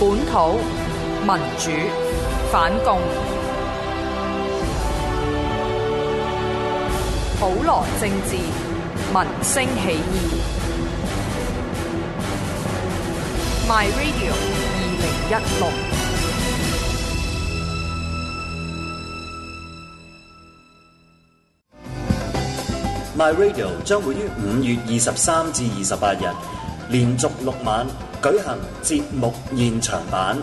本土民主反共，普羅政治民聲起義。My Radio 二零一六，My Radio 將會於五月二十三至二十八日，連續六晚，舉行節目現場版，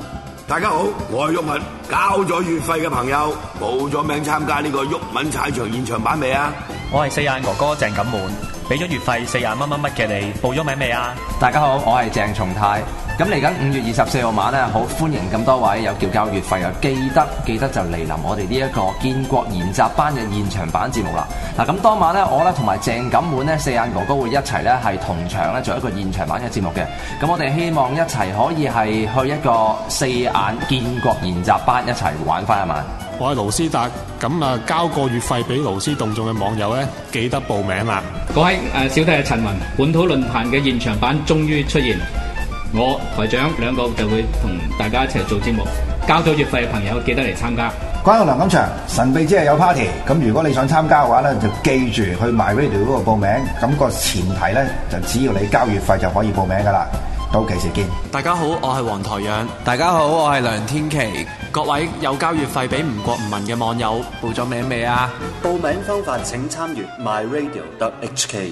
大家好，我係毓民，交咗月費嘅朋友，報咗名參加呢個毓民踩場現場版未啊？我係四眼哥哥鄭錦滿，俾咗月費四廿乜乜乜嘅你報，報咗名未啊？大家好，我係鄭松泰。咁嚟緊五月二十四號晚咧，好歡迎咁多位有叫交月費啊，記得記得就嚟臨我哋呢一個建國研習班嘅現場版節目啦。嗱，咁當晚咧，我咧同埋鄭錦滿咧四眼哥哥會一齊咧係同場咧做一個現場版嘅節目嘅。咁我哋希望一齊可以係去一個四眼建國研習班一齊玩翻一晚。我係盧思達，咁啊，交個月費俾盧思動眾嘅網友咧，記得報名啊！各位誒，小弟係陳文，本土論壇嘅現場版終於出現。我台長兩個就會同大家一齊做節目，交咗月費嘅朋友記得嚟參加。觀眾梁錦祥神秘之夜有 party，咁如果你想參加嘅話咧，就記住去 My Radio 嗰度報名，咁個前提咧就只要你交月費就可以報名噶啦。到期時見。大家好，我黃台。大家好，我係黃台長。大家好，我係梁天琦。各位有交月費俾吳國唔民嘅網友，報咗名未啊？報名方法請參閱 My Radio HK。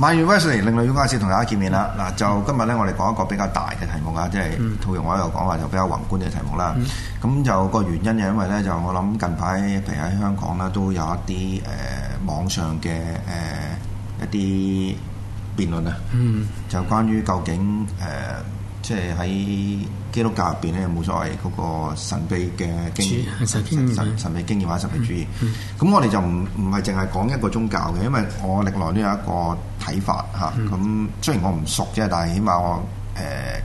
My University，另類宗教史同大家見面啦。嗱，就今日咧，我哋講一個比較大嘅題目啊，即係套用我有講話，就比較宏觀嘅題目啦。咁、嗯、就個原因係因為咧，就我諗近排，譬如喺香港啦，都有一啲誒、呃、網上嘅誒、呃、一啲辯論啊，嗯、就關於究竟誒。呃即係喺基督教入邊咧，有冇所謂嗰、那個神秘嘅經驗，神，神秘經驗或者神秘主義。咁、嗯嗯、我哋就唔唔係淨係講一個宗教嘅，因為我歷來都有一個睇法嚇。咁、嗯、雖然我唔熟啫，但係起碼我誒、呃、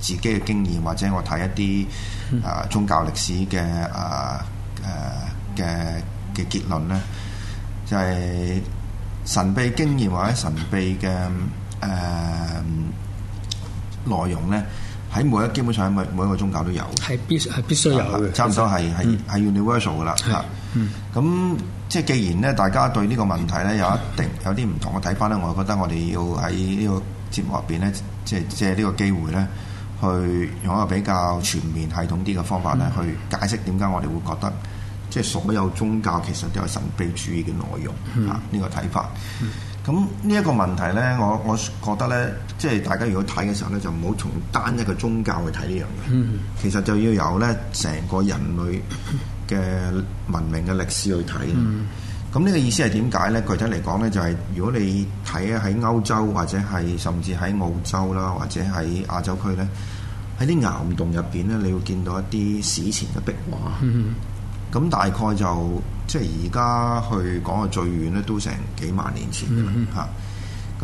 自己嘅經驗或者我睇一啲啊、呃、宗教歷史嘅啊誒嘅嘅結論咧，就係、是、神秘經驗或者神秘嘅誒。呃內容咧喺每一個，基本上每每一個宗教都有，係必須係必須有嘅，差唔多係係係 universal 嘅啦嚇。咁即係既然咧大家對呢個問題咧有一定有啲唔同嘅睇法咧，我覺得我哋要喺呢個節目入邊咧，即係借呢個機會咧，去用一個比較全面系統啲嘅方法咧，去解釋點解我哋會覺得即係所有宗教其實都有神秘主義嘅內容嚇呢、嗯、個睇法。咁呢一個問題呢，我我覺得呢，即係大家如果睇嘅時候呢，就唔好從單一個宗教去睇呢樣嘢。嗯、其實就要有呢成個人類嘅文明嘅歷史去睇。咁呢、嗯、個意思係點解呢？具體嚟講呢，就係、是、如果你睇喺歐洲或者係甚至喺澳洲啦，或者喺亞洲區呢，喺啲岩洞入邊呢，你會見到一啲史前嘅壁畫。嗯嗯咁大概就即係而家去講，係最遠咧，都成幾萬年前噶咁、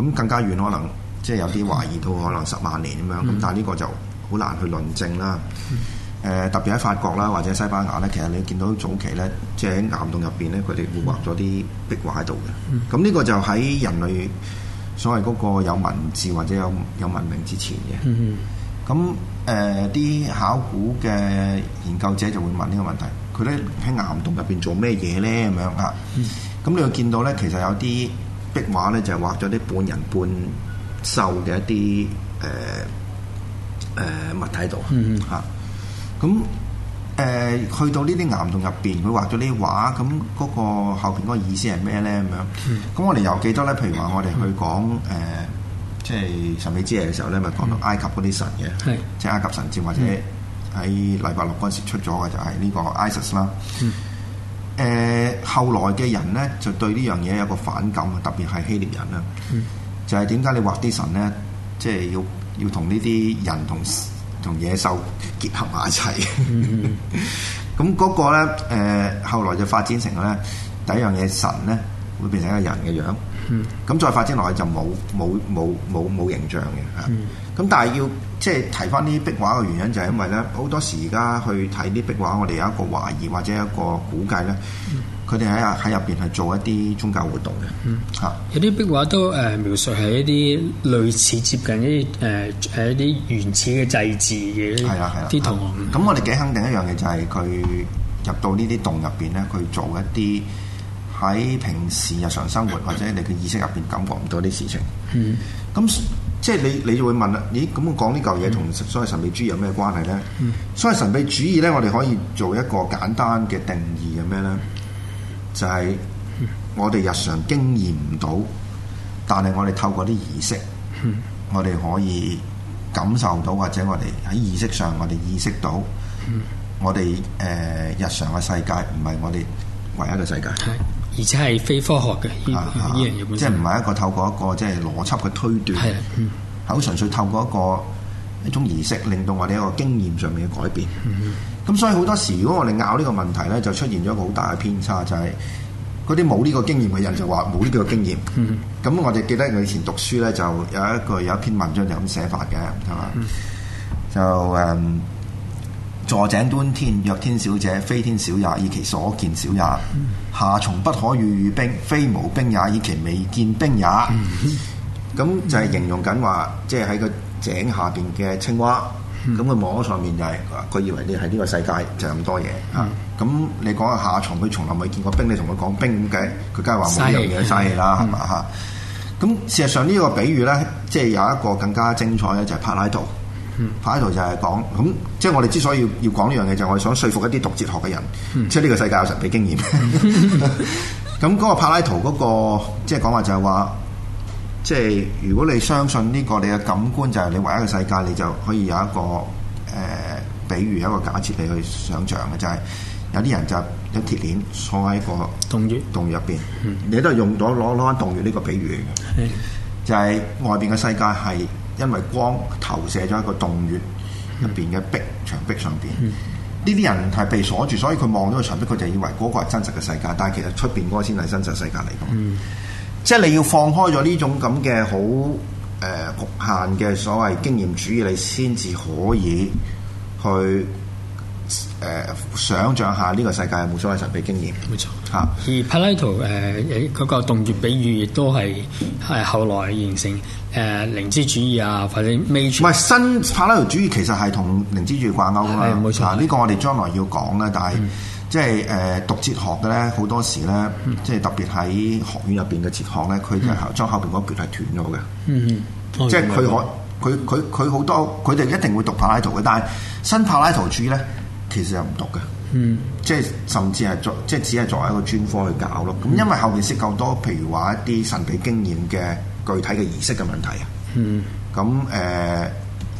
嗯、更加遠，可能即係有啲懷疑到可能十萬年咁樣。咁、嗯、但係呢個就好難去論證啦。誒、嗯呃，特別喺法國啦，嗯、或者西班牙咧，其實你見到早期咧，即、就、係、喺、岩洞入邊咧，佢哋會畫咗啲壁畫喺度嘅。咁呢、嗯、個就喺人類所謂嗰個有文字或者有有文明之前嘅。咁誒、嗯，啲、嗯呃、考古嘅研究者就會問呢個問題。佢咧喺岩洞入邊做咩嘢咧？咁樣啊，咁你會見到咧，其實有啲壁畫咧就係畫咗啲半人半獸嘅一啲誒誒物體度嚇。咁誒、嗯呃、去到呢啲岩洞入邊，佢畫咗呢啲畫，咁嗰個後邊嗰個意思係咩咧？咁樣、嗯。咁我哋又記得咧，譬如話我哋去講誒、嗯呃，即係神秘之夜嘅時候咧，咪、嗯、講到埃及嗰啲神嘅，即係埃及神節是或者。喺禮拜六嗰陣時出咗嘅就係、是、呢個 ISIS 啦 IS、嗯。誒、呃、後來嘅人咧就對呢樣嘢有個反感，特別係希臘人啦、嗯。就係點解你畫啲神咧，即係要要同呢啲人同同野獸結合埋一齊？咁嗰、嗯、 個咧誒、呃、後來就發展成咧第一樣嘢，神咧會變成一個人嘅樣。咁、嗯、再發展落去就冇冇冇冇冇形象嘅嚇。嗯嗯。咁但係要即係提翻啲壁畫嘅原因，就係因為咧好多時而家去睇啲壁畫，我哋有一個懷疑或者一個估計咧，佢哋喺入喺入邊係做一啲宗教活動嘅。嗯，有啲、啊、壁畫都誒、呃、描述係一啲類似接近啲誒係一啲、呃、原始嘅祭祀嘅。係啦係啦，啲圖案。咁、啊嗯、我哋幾肯定一樣嘅就係佢入到呢啲洞入邊咧，佢做一啲喺平時日常生活或者你嘅意識入邊感覺唔到啲事情。嗯，咁。即係你，你就會問啦，咦？咁我講呢嚿嘢同所謂神秘主義有咩關係呢？ 所謂神秘主義呢，我哋可以做一個簡單嘅定義係咩呢？就係、是、我哋日常經驗唔到，但係我哋透過啲儀式， 我哋可以感受到或者我哋喺意識上我哋意識到我，我哋誒日常嘅世界唔係我哋唯一嘅世界。而且係非科學嘅，啊、即係唔係一個透過一個即係邏輯嘅推斷，係好、嗯、純粹透過一個一種儀式，令到我哋一個經驗上面嘅改變。咁、嗯、所以好多時，如果我哋拗呢個問題咧，就出現咗一個好大嘅偏差，就係嗰啲冇呢個經驗嘅人就話冇呢個經驗。咁、嗯、我哋記得我以前讀書咧，就有一句有一篇文章就咁寫法嘅，係嘛？嗯、就誒。嗯坐井觀天，若天小者，非天小也，以其所見小也；夏蟲不可語與冰，非無冰也，以其未見冰也。咁、嗯、哼就係形容緊話，即係喺個井下邊嘅青蛙，咁佢、嗯、哼摸上面就係、是、佢以為你喺呢個世界就咁、是、多嘢嚇。咁、嗯、你講下夏蟲，佢從來未見過冰，你同佢講冰咁計，佢梗係話冇呢樣嘢。嘥氣啦，係嘛嚇？咁、嗯、事實上呢個比喻咧，即、就、係、是、有一個更加精彩嘅，就係、是、柏拉圖。柏拉圖就係講，咁即係我哋之所以要要講呢樣嘢，就係我哋想說服一啲讀哲學嘅人，嗯、即係呢個世界有神秘經驗。咁嗰個柏拉圖嗰、那個即係講話就係話，即係如果你相信呢、這個你嘅感官，就係你唯一嘅世界，你就可以有一個誒、呃，比喻一個假設你去想象嘅，就係、是、有啲人就有鐵鏈坐喺個洞穴洞穴入邊，語嗯、你都係用咗攞攞翻洞穴呢個比喻嘅，就係外邊嘅世界係。因為光投射咗一個洞穴入邊嘅壁牆壁上邊，呢啲人係被鎖住，所以佢望到個牆壁，佢就以為嗰個係真實嘅世界，但係其實出邊嗰個先係真實世界嚟嘅。嗯、即係你要放開咗呢種咁嘅好誒局限嘅所謂經驗主義，你先至可以去。誒，想像下呢個世界冇所謂神秘經驗，冇錯嚇。而柏拉圖誒，嗰個洞穴比喻亦都係係後來形成誒靈知主義啊，或者 magic，唔係新柏拉圖主義，其實係同靈知主義掛鈎㗎嘛。冇錯啊，呢個我哋將來要講咧。但係即係誒讀哲學嘅咧，好多時咧，即係特別喺學院入邊嘅哲學咧，佢就將後邊嗰段係斷咗嘅。即係佢可佢佢佢好多佢哋一定會讀柏拉圖嘅，但係新柏拉圖主義咧。其實又唔讀嘅，嗯，即係甚至係作即係只係作為一個專科去搞咯。咁、嗯、因為後面涉及好多，譬如話一啲神秘經驗嘅具體嘅儀式嘅問題啊，嗯，咁誒呢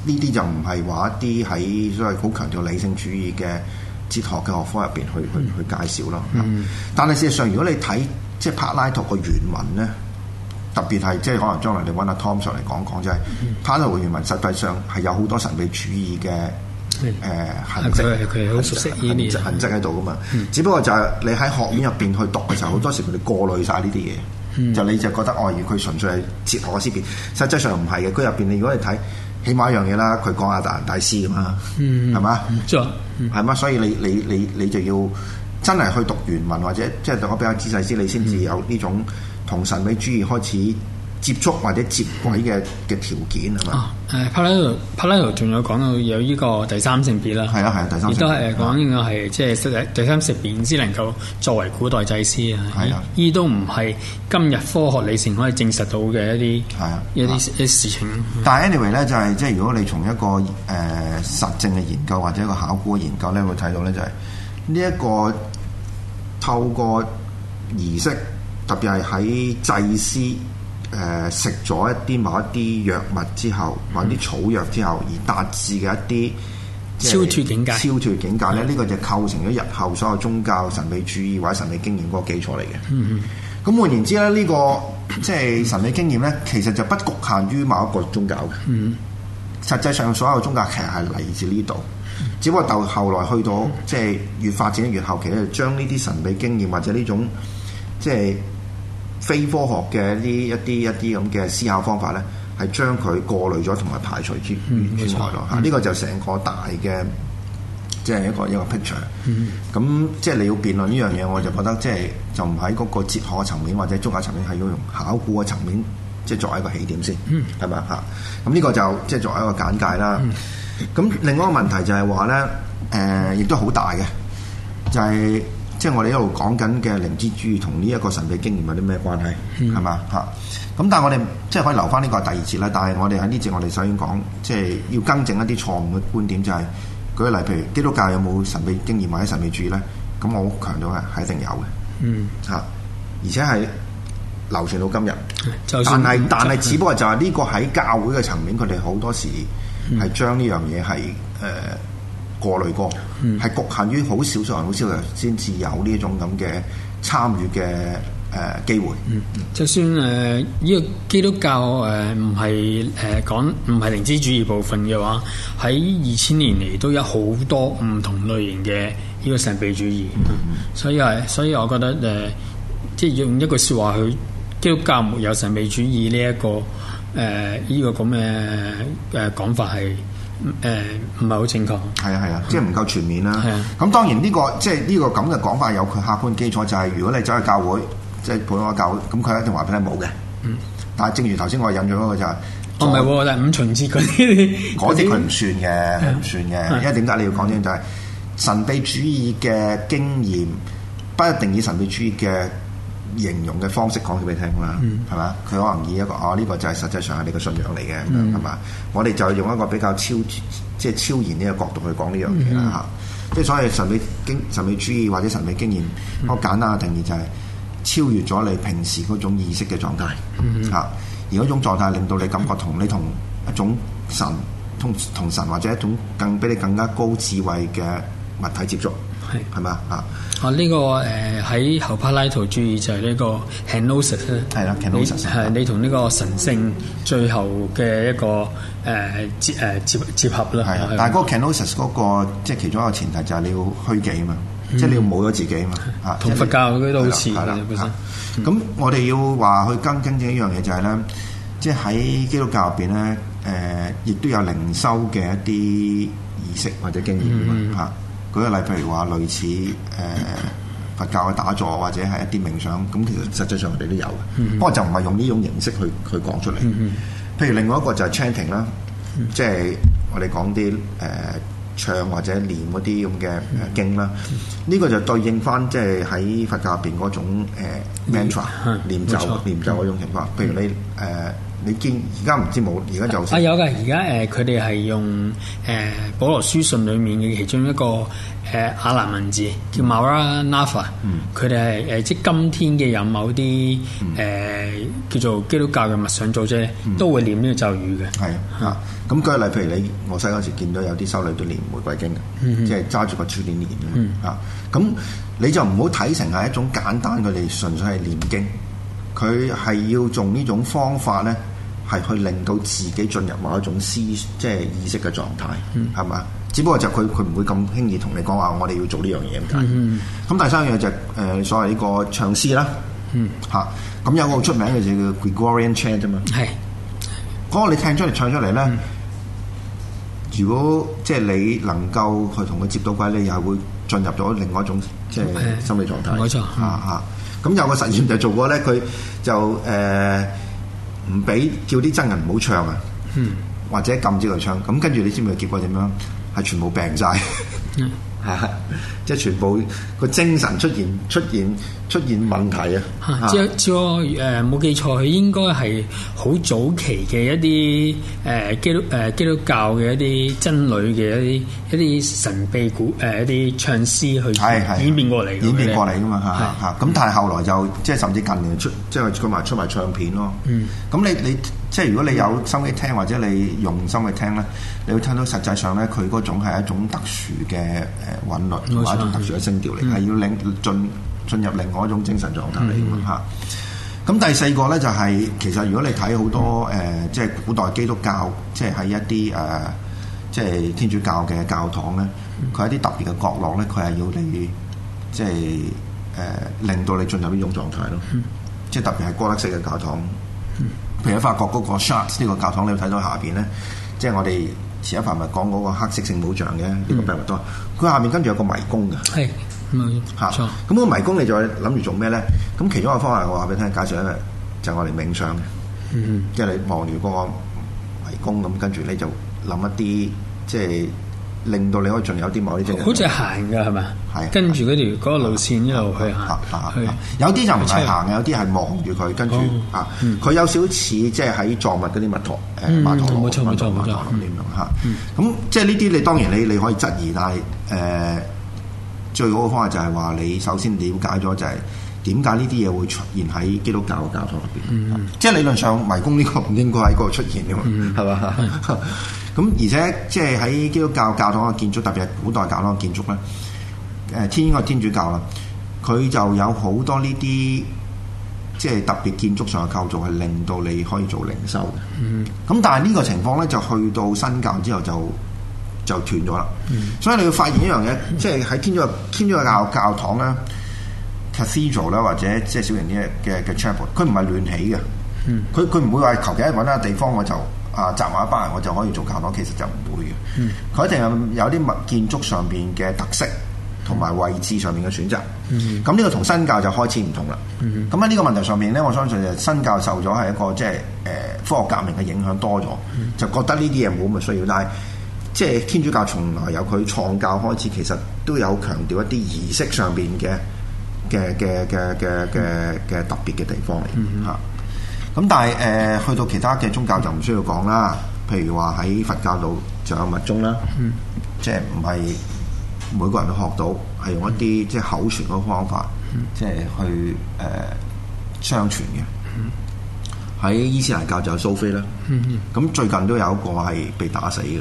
啲就唔係話一啲喺所謂好強調理性主義嘅哲學嘅學科入邊去、嗯、去去介紹咯。嗯、但係事實上如果你睇即係柏拉圖個原文咧，特別係即係可能將來你揾阿 Tom 上嚟講講就係柏拉圖原文實際上係有好多神秘主義嘅。誒痕跡，佢好、嗯啊、熟悉痕，痕跡喺度噶嘛？嗯、只不過就係你喺學院入邊去讀嘅時候，好、嗯、多時佢哋過濾晒呢啲嘢，嗯、就你就覺得哦，原佢純粹係哲學思辨，實際上唔係嘅。佢入邊你如果嚟睇，起碼一樣嘢啦，佢講亞達人大師噶嘛，係嘛、嗯？唔係嘛？所以你你你你，你就要真係去讀原文，或者即係、就是、我比較仔細啲，你先至有呢種同神秘主義開始。接觸或者接軌嘅嘅條件係係啊嘛，誒 Pythagoras 仲有講到有呢個第三性別啦，係啦係啊，第三性別都係講應該係即係第三性別先能夠作為古代祭司啊，呢都唔係今日科學理性可以證實到嘅一啲、啊、一啲一啲事情。啊嗯、但係 anyway 咧，就係、係、即係如果你從一個誒、呃、實證嘅研究或者一個考古嘅研究咧，會睇到咧就係呢一個透過儀式，特別係喺祭司。誒、呃、食咗一啲某一啲藥物之後，嗯、某一啲草藥之後而達至嘅一啲、就是、超脫境界，超脫境界咧，呢、嗯、個就構成咗日後所有宗教神秘主義或者神秘經驗嗰個基礎嚟嘅。咁、嗯、換言之咧，呢、呢個即係、就是、神秘經驗呢，其實就不局限於某一個宗教嘅。嗯嗯。實際上所有宗教其實係嚟自呢度，嗯、只不過到後來去到即係、就是、越發展越後期咧，就是、將呢啲神秘經驗或者呢種即係。就是非科學嘅呢一啲一啲咁嘅思考方法咧，係將佢過濾咗同埋排除之外囉嚇，呢、嗯嗯、個就成個大嘅即係一個一個 picture。咁即係你要辯論呢樣嘢，我就覺得即係就唔喺嗰個哲學嘅層面或者宗教層面，係要用考古嘅層面即係、就是、作為一個起點先，係咪啊？咁呢個就即係作為一個簡介啦。咁、嗯、另外一個問題就係話咧，誒、呃、亦都好大嘅，就係、是。即係我哋一路講緊嘅靈知主義同呢一個神秘經驗有啲咩關係？係嘛、嗯？嚇！咁但係我哋即係可以留翻呢個係第二次啦。但係我哋喺呢節我哋首先講，即係要更正一啲錯誤嘅觀點、就是，就係舉例，譬如基督教有冇神秘經驗或者神秘主義咧？咁我強調係一定有嘅。嗯。嚇！而且係流傳到今日。就算。但係但係，只不過就係呢個喺教會嘅層面，佢哋好多時係將呢樣嘢係誒，呃過濾過，係、嗯、局限於好少數人、好少人先至有呢種咁嘅參與嘅誒機會。嗯，就算誒呢、呃這個基督教誒唔係誒講唔係靈知主義部分嘅話，喺二千年嚟都有好多唔同類型嘅呢個神秘主義。嗯嗯、所以係，所以我覺得誒、呃，即係用一句説話去基督教沒有神秘主義呢、這、一個誒呢、呃這個咁嘅誒講法係。誒唔係好正確，係啊，係啊，即係唔夠全面啦。係啊，咁當然呢、呢個即係呢個咁嘅講法有佢客觀基礎，就係、係、如果你走去教會，即係普通教會，咁佢一定話俾你冇嘅。嗯，但係正如頭先我引咗嗰個就係，唔係喎，就係哦啊、五旬節嗰啲，嗰啲佢唔算嘅，唔、 啊、算嘅，啊、因為點解你要講清就係、係、神秘主義嘅經驗，不一定以神秘主義嘅形容嘅方式講俾你聽啦，係嘛、嗯？佢可能以一個哦，呢、啊這個就係實際上係你嘅信仰嚟嘅，係嘛、嗯？我哋就用一個比較超即係超然呢個角度去講呢樣嘢啦嚇。即係、嗯嗯、所以神秘經神秘主義或者神秘經驗，嗯、我簡單嘅定義就係超越咗你平時嗰種意識嘅狀態嚇，而嗰種狀態令到你感覺同你同一種神同、嗯、同，同神或者一種更比你更加高智慧嘅物體接觸。係，係嘛，啊！啊、這個，呢個誒喺後柏拉圖主義就係呢個 Kenosis 咧你。係啦 Kenosis, 的 你係你同呢個神聖最後嘅一個誒、呃、接誒接接合啦。係但係嗰個 Kenosis 嗰、那個即係、就是、其中一個前提就係你要虛己啊嘛，嗯、即係你要冇咗自己啊嘛。嚇、嗯，同的佛教嗰啲類似。係啦，咁、嗯、我哋要話去更正一樣嘢就係、是、咧，即係喺基督教入邊咧，誒、呃，亦都有靈修嘅一啲儀式或者經驗啊。嗯嗯舉個例，譬如話類似誒、呃、佛教嘅打坐，或者係一啲冥想，咁其實實際上佢哋都有嘅。Mm hmm. 不過就唔係用呢種形式去去講出嚟。Mm hmm. 譬如另外一個就係 chanting 啦、mm，hmm. 即係我哋講啲誒、呃、唱或者念嗰啲咁嘅經啦。呢、mm hmm. 個就對應翻即係喺佛教入邊嗰種誒 mantra 唸咒唸、mm hmm. 咒嗰種情況。譬如你誒。呃 mm hmm. 你見而家唔知冇，而家就啊有㗎，而家誒佢哋係用誒、呃《保羅書信》裡面嘅其中一個誒亞蘭文字叫 Maranatha，佢哋係誒即係今天嘅有某啲誒、呃、叫做基督教嘅物想組織、嗯、都會念呢個咒語嘅，係啊，咁舉例譬如你我細嗰時見到有啲修女都念玫瑰經嘅，嗯、即係揸住個珠鏈念。啊、嗯，咁你就唔好睇成係一種簡單，佢哋純粹係念經。佢係要用呢種方法咧，係去令到自己進入某一種思即係意識嘅狀態，係嘛、嗯？只不過就佢佢唔會咁輕易同你講話，我哋要做呢樣嘢。咁第三樣就誒、是呃、所謂呢個唱詩啦，嚇咁、嗯啊、有個好出名嘅嘢叫 Gregorian chant 啫嘛、嗯。係嗰個你聽出嚟唱出嚟咧，嗯、如果即係、就是、你能夠去同佢接到鬼，你又會進入咗另外一種即係心理狀態。冇錯，嚇嚇。咁 有個實驗就做過咧，佢就誒唔俾叫啲僧人唔好唱啊，嗯、或者禁止佢唱。咁跟住你知唔知結果點樣？係全部病曬。嗯 吓， 即係全部個精神出現出現出現問題啊！即即誒冇記錯，佢應該係好早期嘅一啲誒基督誒基督教嘅一啲僧侶嘅一啲一啲神秘古誒、呃、一啲唱詩去演變 過嚟，演變過嚟噶嘛嚇嚇。咁但係後來就即係甚至近年出即係佢埋出埋唱片咯。嗯，咁你你。你你即係如果你有心去聽，或者你用心去聽咧，你會聽到實際上咧，佢嗰種係一種特殊嘅誒韻律，或者一種特殊嘅聲調嚟，係、嗯嗯、要領進進入另外一種精神狀態嚟嘅嘛嚇。咁第四個咧就係、是、其實如果你睇好多誒、呃，即係古代基督教，即係喺一啲誒、呃，即係天主教嘅教堂咧，佢一啲特別嘅角落咧，佢係要你即係誒、呃、令到你進入呢種狀態咯，即係特別係哥德式嘅教堂。嗯。譬如喺法國嗰個 Chartres 呢個教堂你睇到下邊咧，即係我哋前一排咪講嗰個黑色聖母像嘅呢個拜物多，佢、嗯、下面跟住有個迷宮嘅，係迷宮嚇，咁個迷宮你就諗住做咩咧？咁其中一個方法我話俾你聽，介紹一下就係我哋冥想嘅，嗯嗯，即係你望住嗰個迷宮咁，跟住你就諗一啲即係。令到你可以仲有啲某啲嘢，好似行噶係咪？係跟住嗰條嗰個路線一路去行，有啲就唔係行嘅，有啲係望住佢跟住啊，佢有少少似即係喺藏物嗰啲曼陀誒曼陀羅、曼陀羅點樣嚇？咁即係呢啲你當然你你可以質疑，但係誒最好嘅方法就係話你首先了解咗就係點解呢啲嘢會出現喺基督教嘅教堂入邊？即係理論上迷宮呢個唔應該喺嗰度出現嘅嘛？係嘛？咁而且即係喺基督教教堂嘅建築，特別係古代教堂嘅建築咧，誒天主天主教啦，佢就有好多呢啲即係特別建築上嘅構造，係令到你可以做靈修嘅。咁、mm hmm. 但係呢個情況咧，就去到新教之後就就斷咗啦。Mm hmm. 所以你要發現一樣嘢，即係喺天主教天主教教堂咧 Cathedral 啦，Cathedral, 或者即係小型啲嘅嘅 chapel，佢唔係亂起嘅，佢佢唔會話求其揾一個地方我就。啊！集埋一班人，我就可以做教堂。其實就唔會嘅，佢一定有啲物建築上邊嘅特色，同埋位置上面嘅選擇。咁呢個同新教就開始唔同啦。咁喺呢個問題上面呢，我相信就新教受咗係一個即係誒科學革命嘅影響多咗，就覺得呢啲嘢冇咁嘅需要。但係即係天主教從來由佢創教開始，其實都有強調一啲儀式上邊嘅嘅嘅嘅嘅嘅特別嘅地方嚟嚇。咁但係誒、呃、去到其他嘅宗教就唔需要講啦，譬如話喺佛教度就有密宗啦，嗯、即係唔係每個人都學到，係用一啲、嗯、即係口傳嘅方法，嗯、即係去誒、呃、相傳嘅。喺、嗯、伊斯蘭教就有蘇菲啦，咁、嗯嗯、最近都有一個係被打死嘅，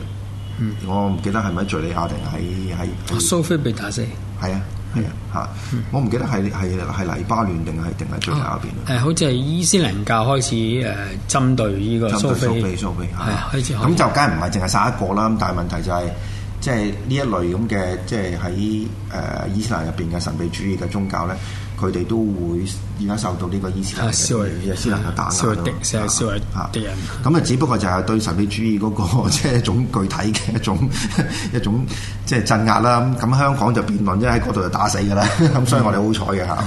嗯、我唔記得係咪喺敍利亞定喺喺蘇菲被打死，係啊。係啊，嚇、嗯！我唔記得係係係黎巴嫩定係定係最下邊啊？係好似係伊斯蘭教開始誒針、呃、對呢個蘇菲，蘇菲，蘇菲係啊，開始。咁就梗係唔係淨係殺一個啦？咁但係問題就係、是，即係呢一類咁嘅，即係喺誒伊斯蘭入邊嘅神秘主義嘅宗教咧。佢哋都會而家受到呢個伊斯蘭嘅，啊，消為伊斯蘭嘅打，消為敵，成日消為敵人。咁啊，只不過就係對神秘主義嗰、那個即係、就是、一種具體嘅一種一種即係、就是、鎮壓啦。咁香港就辯論，即係喺嗰度就打死㗎啦。咁 所以我哋好彩嘅嚇。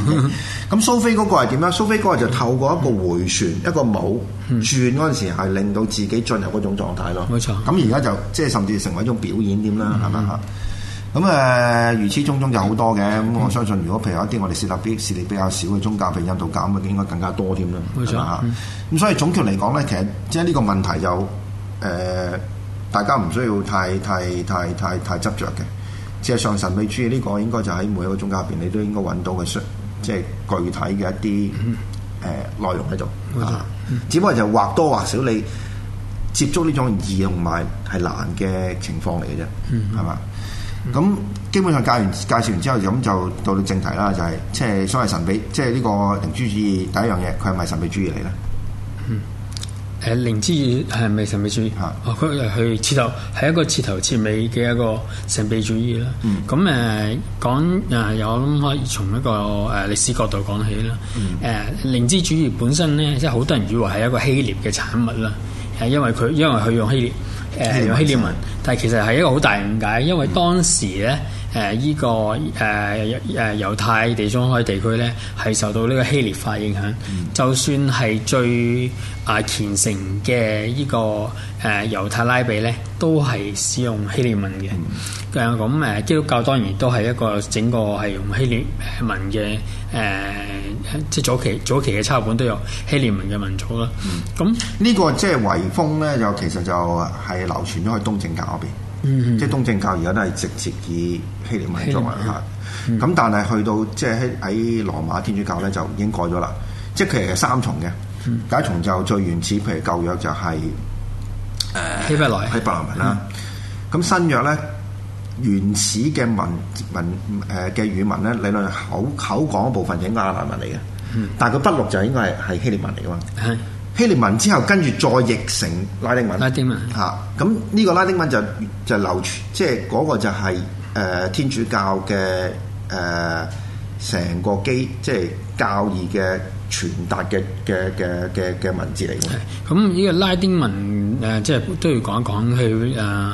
咁蘇菲嗰個係點咧？蘇菲嗰個就透過一個迴旋，一個舞轉嗰陣時係令到自己進入嗰種狀態咯。冇、嗯嗯、錯。咁而家就即係甚至成為一種表演點啦，係咪啊？咁誒，嗯嗯、如此種種就好多嘅。咁、嗯、我相信，如果譬如一啲我哋涉獵涉獵比較少嘅宗教，譬如印度教咁啊，應該更加多添啦，係嘛？咁、嗯、所以總結嚟講咧，其實即係呢個問題就誒、呃，大家唔需要太太太太太執着嘅。只係神秘主義呢個，應該就喺每一個宗教入邊，你都應該揾到嘅，即係、嗯、具體嘅一啲誒、嗯呃、內容喺度。只不過就或多或少你接觸呢種易同埋係難嘅情況嚟嘅啫，係嘛？嗯嗯嗯咁、嗯、基本上介完介紹完之後，咁就到到正題啦，就係、是、即係所謂神秘，即係呢個靈知主義第一樣嘢，佢係咪神秘主義嚟咧？嗯，誒靈知係咪神秘主義？佢係頭，係、呃是哦、一個徹頭徹尾嘅一個神秘主義啦。咁誒、嗯呃、講誒、呃，我諗可以從一個誒歷史角度講起啦。誒靈知主義本身咧，即係好多人以為係一個希臘嘅產物啦，因為佢因為佢用希臘。誒用希臘文，但係其實係一個好大誤解，因為當時咧。誒依個誒誒猶太地中海地區咧，係受到呢個希臘化影響。就算係最啊虔誠嘅呢個誒猶太拉比咧，都係使用希臘文嘅。咁誒基督教當然都係一個整個係用希臘文嘅誒，即係早期早期嘅抄本都有希臘文嘅文組啦。咁呢個即係遺風咧，就其實就係流傳咗去東正教嗰邊。嗯、即係東正教而家都係直接以希臘文作為吓，咁、嗯、但係去到即係喺喺羅馬天主教咧就已經改咗啦，即係其實係三重嘅，嗯、第一重就最原始，譬如舊約就係、是、誒、呃、希伯來，希伯來文啦，咁新約咧原始嘅文文誒嘅、呃、語文咧，理論口口講一部分係亞蘭文嚟嘅，嗯、但係佢筆錄就係應該係係希臘文嚟嘅嘛。嗯嗯文之後跟住再譯成拉丁文，拉丁文嚇，咁呢、啊、個拉丁文就就流傳，即係嗰個就係、是、誒、呃、天主教嘅誒成個基，即、就、係、是、教義嘅傳達嘅嘅嘅嘅嘅文字嚟嘅。咁呢、嗯這個拉丁文誒，即、呃、係、就是、都要講一講佢誒。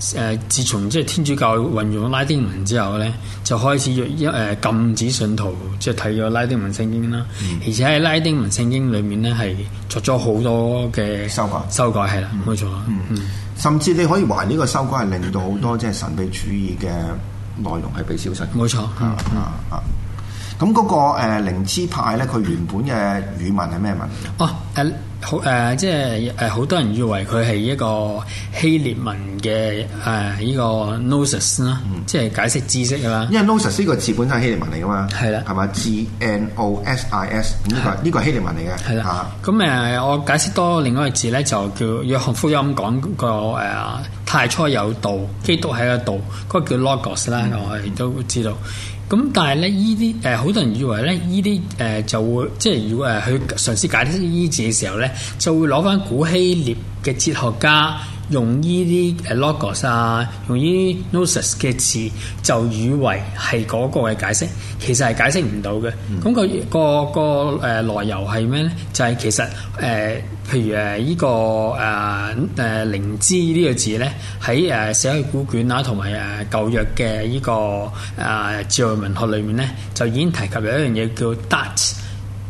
誒，自從即係天主教運用拉丁文之後咧，就開始一誒禁止信徒即係睇咗拉丁文聖經啦。嗯、而且喺拉丁文聖經裏面咧，係作咗好多嘅修改，修改係啦，冇、嗯、錯。嗯、甚至你可以懷疑呢個修改係令到好多即係神秘主義嘅內容係被消失。冇錯。咁嗰、嗯嗯、個誒靈知派咧，佢原本嘅語文係咩文、哦、啊？.好誒，即係誒，好多人以為佢係一個希臘文嘅誒依個 gnosis 啦，即係解釋知識啦。因為 gnosis 呢個字本身係希臘文嚟噶嘛，係啦的，係嘛？G N O S I S，呢、這個呢的個係希臘文嚟嘅。係啦。咁誒，我解釋多另外一個字咧，就叫約翰福音講個誒、呃，太初有道，基督喺個道，嗰個叫 logos 啦，嗯、我哋都知道。咁但係咧，依啲誒好多人以為咧，依啲誒就會即係如果誒去嘗試解釋呢啲字嘅時候咧，就會攞翻古希臘嘅哲學家用依啲誒 logos 啊，用依 nous 嘅字，就以為係個嘅解釋其實係解釋唔到嘅。咁佢、嗯那個個誒來由係咩咧？就係、是、其實誒、呃、譬如誒、這、依個誒誒靈知呢個字咧，喺誒《死海古卷》啊同埋誒舊約嘅依個誒字。啊文學裏面咧就已經提及有一樣嘢叫 dutch，誒、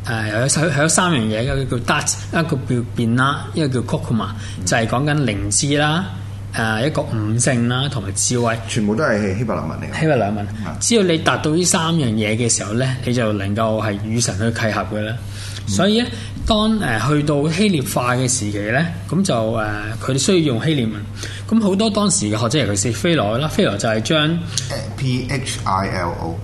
呃、又有三，係有三樣嘢，一個叫 dutch，一個叫 bina 啦、ok 嗯呃，一個叫 cucuma 就係講緊靈知啦，誒一個悟性啦，同埋智慧，全部都係希伯來文嚟。希伯來文，啊、只要你達到呢三樣嘢嘅時候咧，你就能夠係與神去契合嘅啦。嗯、所以咧，當誒、呃、去到希臘化嘅時期咧，咁就誒佢哋、呃、需要用希臘文。咁好多當時嘅學者，尤其是菲羅啦，菲羅就係將 P H I L O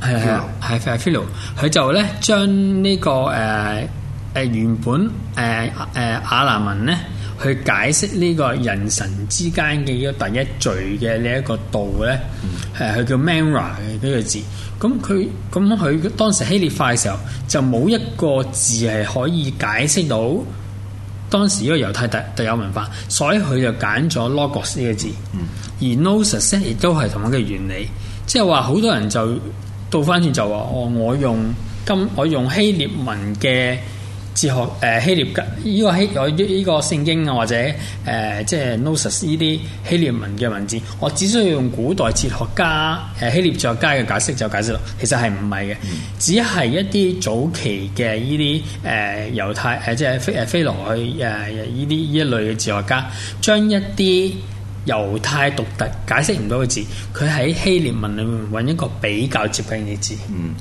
係係係 Philo 佢就咧將呢個誒誒、呃呃、原本誒誒亞蘭文咧去解釋呢個人神之間嘅呢個第一序嘅呢一個道咧，係佢、嗯、叫 Manda 嘅呢個字。咁佢咁佢當時希臘化嘅時候，就冇一個字係可以解釋到，當時依個猶太特特有文化，所以佢就揀咗 logos 呢個字，嗯、而 gnosis 亦都係同一個原理，即係話好多人就倒返轉就話，哦，我用今我用希臘文嘅。哲學誒、呃、希臘吉依、這個希我依依個聖、這個這個、經啊或者誒、呃、即係 Gnosis 依啲希臘文嘅文字，我只需要用古代哲學家誒、呃、希臘作家嘅解釋就解釋咯。其實係唔係嘅，只係一啲早期嘅呢啲誒猶太誒、呃、即係誒菲羅去誒依啲呢一類嘅哲學家，將一啲。猶太獨特解釋唔到個字，佢喺希臘文裏面揾一個比較接近嘅字，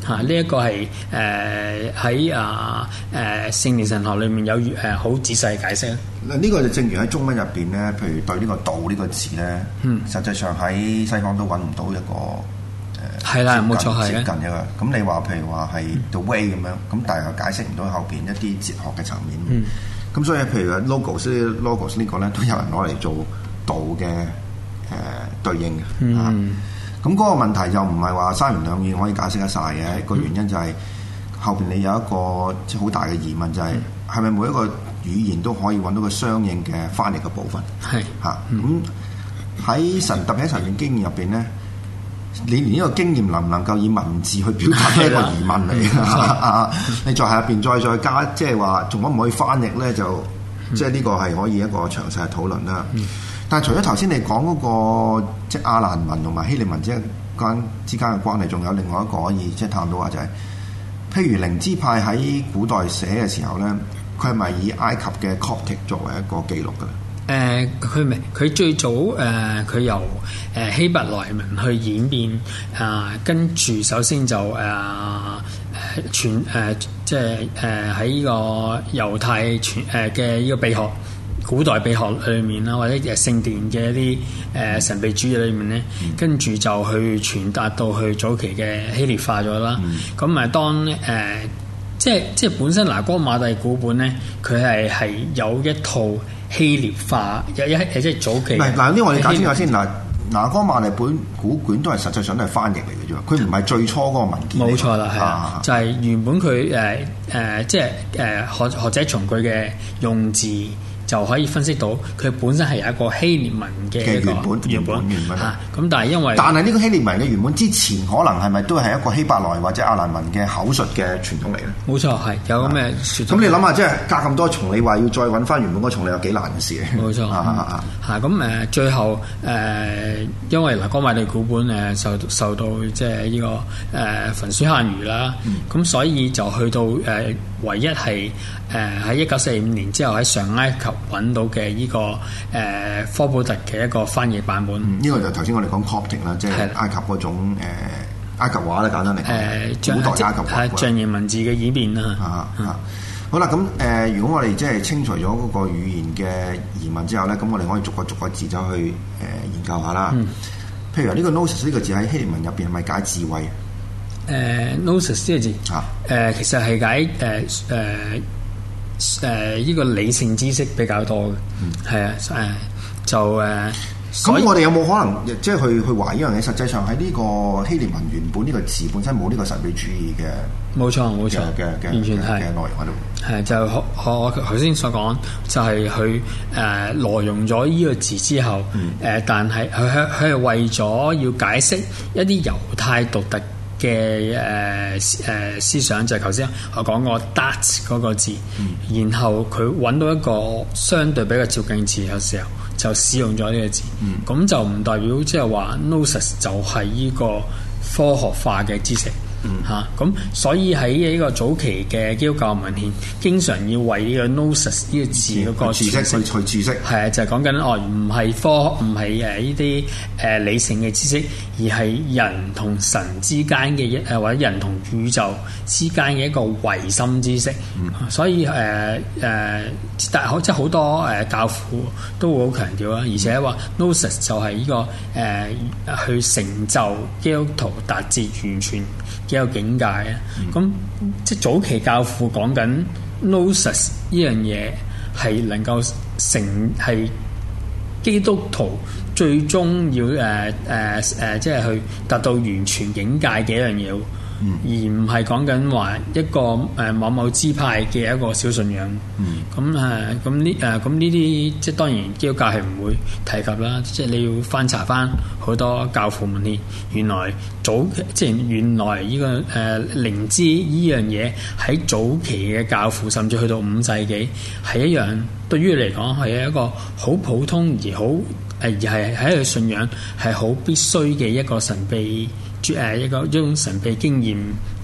嚇呢一個係誒喺啊誒聖經神學裏面有誒好、呃、仔細嘅解釋。嗱呢個就正如喺中文入邊咧，譬如對呢個道呢個字咧，嗯、實際上喺西方都揾唔到一個冇、呃、的接近錯接近嘅。咁你話譬如話係 The way 咁樣，咁、嗯、但係又解釋唔到後邊一啲哲學嘅層面。咁、嗯、所以譬如話 logos，logos 呢個咧都有人攞嚟做。做嘅誒對應嘅，咁嗰個問題就唔係話三言兩語可以解釋得晒嘅。個原因就係後邊你有一個即係好大嘅疑問，就係係咪每一個語言都可以揾到個相應嘅翻譯嘅部分？係嚇、嗯。咁喺神特喺神經經驗入邊咧，你連呢個經驗能唔能夠以文字去表達都係一個疑問嚟。嗯嗯、 你再下入邊再再加，即係話仲可唔可以翻譯咧？就即係呢個係可以一個詳細嘅討論啦。嗯但係除咗頭先你講嗰、那個即係亞蘭文同埋希利文之間之間嘅關係，仲有另外一個可以即係探討下就係、是，譬如靈知派喺古代寫嘅時候咧，佢係咪以埃及嘅 Coptic 作為一個記錄嘅？誒、呃，佢唔係，佢最早誒，佢、呃、由誒希伯來文去演變啊，跟、呃、住首先就誒誒、呃、傳誒、呃、即係誒喺呢個猶太傳誒嘅呢個秘學。古代秘學裏面啦，或者聖殿嘅一啲誒神秘主義裏面咧，嗯、跟住就去傳達到去早期嘅希臘化咗啦。咁咪、嗯、當誒、呃、即係即係本身拿哥馬蒂古本咧，佢係係有一套希臘化一一，即係早期。嗱、嗯，呢啲我哋解釋下先。嗱，拿哥馬蒂本古卷都係實際上都係翻譯嚟嘅啫，佢唔係最初嗰個文件。冇錯啦，係、啊、就係原本佢誒誒即係誒學學者從佢嘅用字。就可以分析到佢本身係一個希臘文嘅原本原本原本啦。咁但係因為但係呢個希臘文嘅原本之前可能係咪都係一個希伯來或者阿蘭文嘅口述嘅傳統嚟咧？冇錯，係有咁嘅傳統。咁你諗下，即係隔咁多重，你話要再揾翻原本嗰重，你有幾難事？冇錯，啊咁誒最後誒、呃，因為嗱，古馬利古本誒受受到即係呢個誒焚、呃、書坑儒啦，咁、嗯、所以就去到誒、呃、唯一係誒喺一九四五年之後喺上埃及。揾到嘅依個誒、呃、科普特嘅一個翻譯版本，呢、嗯這個就頭先我哋講 Coptic 啦，即係埃及嗰種、呃、埃及話咧簡單嚟講，呃、古代埃及嘅象形文字嘅語彙啦。啊、嗯、好啦，咁誒、呃，如果我哋即係清除咗嗰個語言嘅疑問之後咧，咁我哋可以逐個逐個字走去誒、呃、研究下啦。嗯、譬如呢、這個 gnosis 呢個字喺希臘文入邊係咪解智慧？誒、呃、gnosis 呢個字，誒、呃、其實係解誒誒。呃呃呃誒依、呃這個理性知識比較多嘅，係啊、嗯，誒、呃、就誒，咁、呃、我哋有冇可能，即係去去話依樣嘢？實際上喺呢個希臘文原本呢個字本身冇呢個神秘主義嘅，冇錯冇錯嘅嘅完全係內容喺度，係就我我頭先所講，就係佢誒挪用咗依個字之後，誒、嗯、但係佢佢佢係為咗要解釋一啲猶太獨特。嘅誒誒思想就係頭先我講過 dat 嗰個字，嗯、然後佢揾到一個相對比較接近詞，有時候，就使用咗呢個字。咁、嗯、就唔代表即係話 nousus 就係、是、呢個科學化嘅知識。嗯嚇，咁、啊、所以喺呢個早期嘅基督教文獻，經常要為呢個 gnosis 呢個字嗰個知識，取取知識。啊識，就係講緊哦，唔係科學，唔係誒呢啲誒理性嘅知識，而係人同神之間嘅一，或、呃、者人同宇宙之間嘅一個唯心知識。嗯、所以誒誒、呃呃，但係即係好多誒、呃、教父都會好強調啦，而且話、嗯、gnosis 就係呢、這個誒、呃、去成就基督徒達至完全。幾有境界嘅，咁、嗯、即係早期教父講緊 gnosis 呢樣嘢係能夠成係基督徒最終要誒誒誒，即係去達到完全境界嘅一樣嘢。而唔係講緊話一個誒某某支派嘅一個小信仰。咁誒咁呢誒咁呢啲，即係、嗯、當然基督教界係唔會提及啦。即係你要翻查翻好多教父文獻，原來早即係原來呢、呢個誒、呃、靈知依樣嘢喺早期嘅教父，甚至去到五世紀，係一樣對於嚟講係一個好普通而好誒而係喺一個信仰係好必須嘅一個神秘。絕誒一種神秘經驗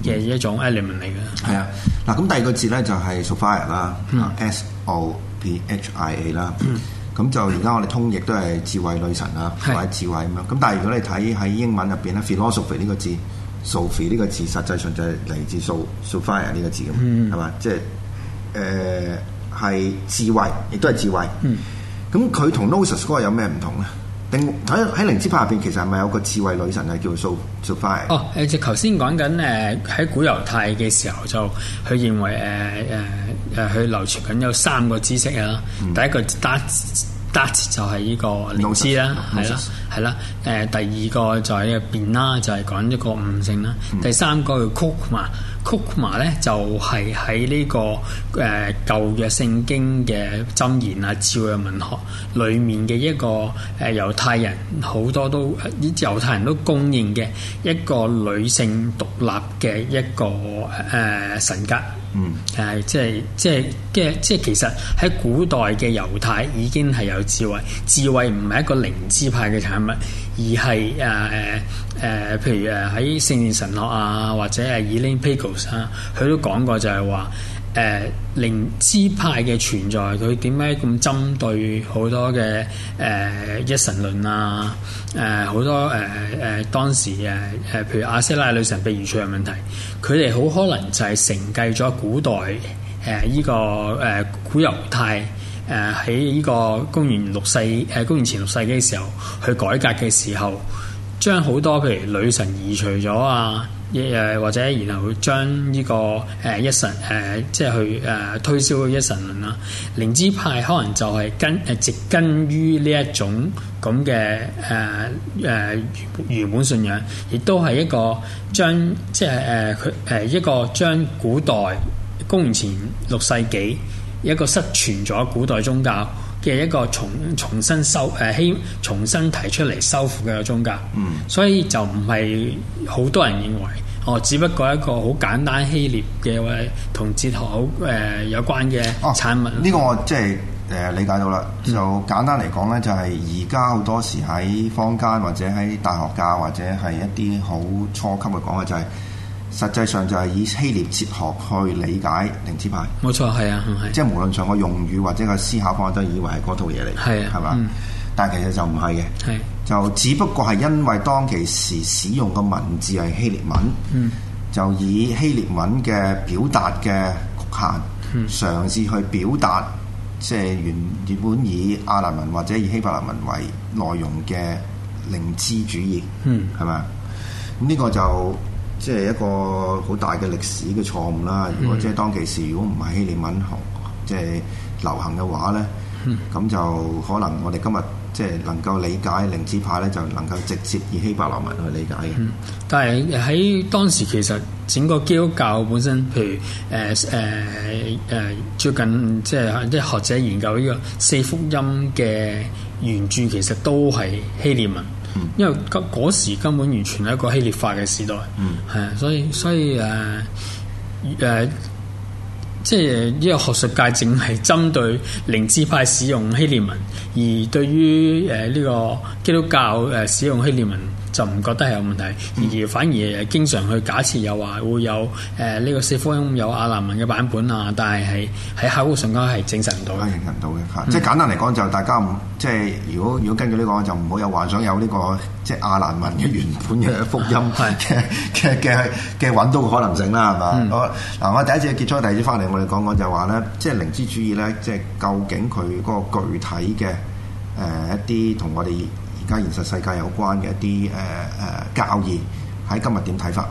嘅一種 element 嚟嘅。係啊，嗱咁第二個字咧就係 Sophia 啦，S, ia, S,、嗯、S, S O P H I A 啦、嗯。咁就而家我哋通譯都係智慧女神啊，嗯、或者智慧咁樣。咁是但係如果你睇喺英文入邊咧，Philosophy 呢個字 Sophie 呢個字實際上就係嚟自 Sophia 呢個字咁，係嘛、嗯？即係誒係智慧，亦都係智慧。咁佢、嗯、同 Gnosis 有咩唔同咧？定喺喺靈知派入邊，其實係咪有個智慧女神係叫 Sophia 哦，誒，就頭先講緊誒，喺、oh, 呃呃、古猶太嘅時候就佢認為誒誒誒，佢、呃呃呃、流傳緊有三個知識啊，第一個、嗯、d 德就係呢個靈知 oss 啦，係啦係啦，誒、呃、第二個就喺入邊啦，就係、是、講一個悟性啦，第三個叫 Cook 嘛。庫瑪咧就係喺呢個誒、呃、舊約聖經嘅箴言啊、智慧文學裏面嘅一個誒、呃、猶太人，好多都啲、呃、猶太人都公認嘅一個女性獨立嘅一個誒、呃、神格。嗯、呃，係即係即係即係即係其實喺古代嘅猶太已經係有智慧，智慧唔係一個靈知派嘅產物，而係誒誒誒，譬如誒喺聖經神學啊，或者係 Elaine Pagels 啊，佢都講過就係話。誒靈知派嘅存在，佢點解咁針對好多嘅誒、呃、一神論啊？誒、呃、好多誒誒、呃呃、當時誒誒、呃，譬如亞瑟拉女神被移除嘅問題，佢哋好可能就係承繼咗古代誒呢、呃這個誒、呃、古猶太誒喺呢個公元六世誒、呃、公元前六世紀嘅時候去改革嘅時候。將好多譬如女神移除咗啊，誒或者然後將呢個誒、呃、一神誒、呃、即係去誒、呃、推銷一神論啦，靈知派可能就係根誒植根於呢一種咁嘅誒誒原本信仰，亦都係一個將即係誒佢誒一個將古代公元前六世紀一個失傳咗古代宗教。嘅一個重重新修誒希重新提出嚟修復嘅宗教，嗯，所以就唔係好多人認為，哦、呃，只不過一個好簡單希臘嘅或者同哲學好誒有關嘅產物。呢、啊這個我即係誒、呃、理解到啦。就簡單嚟講咧，就係而家好多時喺坊間或者喺大學教或者係一啲好初級嘅講嘅就係、是，實際上就係以希臘哲學去理解靈知派，冇錯，係啊，即係無論從個用語或者個思考方式，都以為係嗰套嘢嚟，係啊，係嘛、啊？啊嗯、但係其實就唔係嘅，係、啊嗯、就只不過係因為當其時使用個文字係希臘文，嗯、就以希臘文嘅表達嘅局限，嗯，嘗試去表達即係原本以亞蘭文或者以希伯來文為內容嘅靈知主義，嗯，係嘛？呢個就即係一個好大嘅歷史嘅錯誤啦！如果即係當其時，如果唔係希臘文學即係流行嘅話咧，咁、嗯、就可能我哋今日即係能夠理解靈知派咧，就能夠直接以希伯來文去理解嘅、嗯。但係喺當時，其實整個基督教本身，譬如誒誒誒，最近即係即係學者研究呢個四福音嘅原著，其實都係希臘文。因為嗰嗰時根本完全係一個希臘化嘅時代，係啊、嗯，所以所以誒誒，即係呢個學術界淨係針對靈智派使用希臘文，而對於誒呢個基督教誒使用希臘文，就唔覺得係有問題，嗯、而反而係經常去假設又話會有誒呢、呃這個福音有阿蘭文嘅版本啊，但係喺喺考古上講係證實唔到嘅，認唔到嘅。即係簡單嚟講，就大家唔，即係如果如果跟住呢個就唔好有幻想有呢、呢個、嗯、即係亞蘭文嘅原本嘅福音嘅嘅嘅揾嘅到嘅可能性啦，係嘛？嗱、嗯，我第一次結束第二次翻嚟，我哋講，講講就話咧，即、就、係、是、靈知主義咧，即、就、係、是、究竟佢嗰個具體嘅誒、呃、一啲同我哋。加現實世界有關嘅一啲誒誒教義，喺今日點睇法？